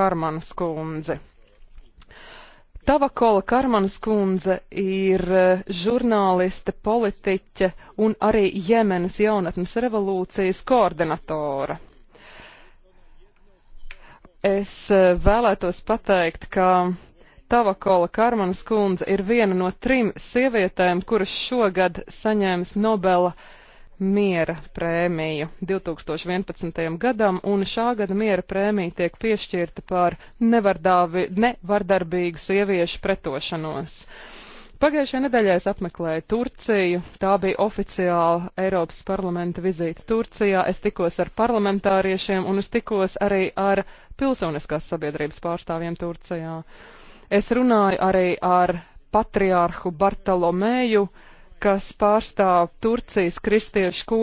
Karmanas kundzi. Tavakola Karmanas kundze ir e, žurnāliste, politiķe un arī Jemenas jaunatnes revolūcijas koordinatora. Es e, vēlētos pateikt, ka Tavakola Karmanas kundze ir viena no trim sievietēm, kuras šogad saņēmis Nobela miera prēmiju 2011. gadam, un šā gada miera prēmija tiek piešķirta par nevardarbīgu sieviešu pretošanos. Pagājušajā nedēļā es apmeklēju Turciju. Tā bija oficiāla Eiropas parlamenta vizīte Turcijā. Es tikos ar parlamentāriešiem un es tikos arī ar pilsoniskās sabiedrības pārstāvjiem Turcijā. Es runāju arī ar patriārhu Bartolomeju, uh, kas pārstāv Turcijas kristiešu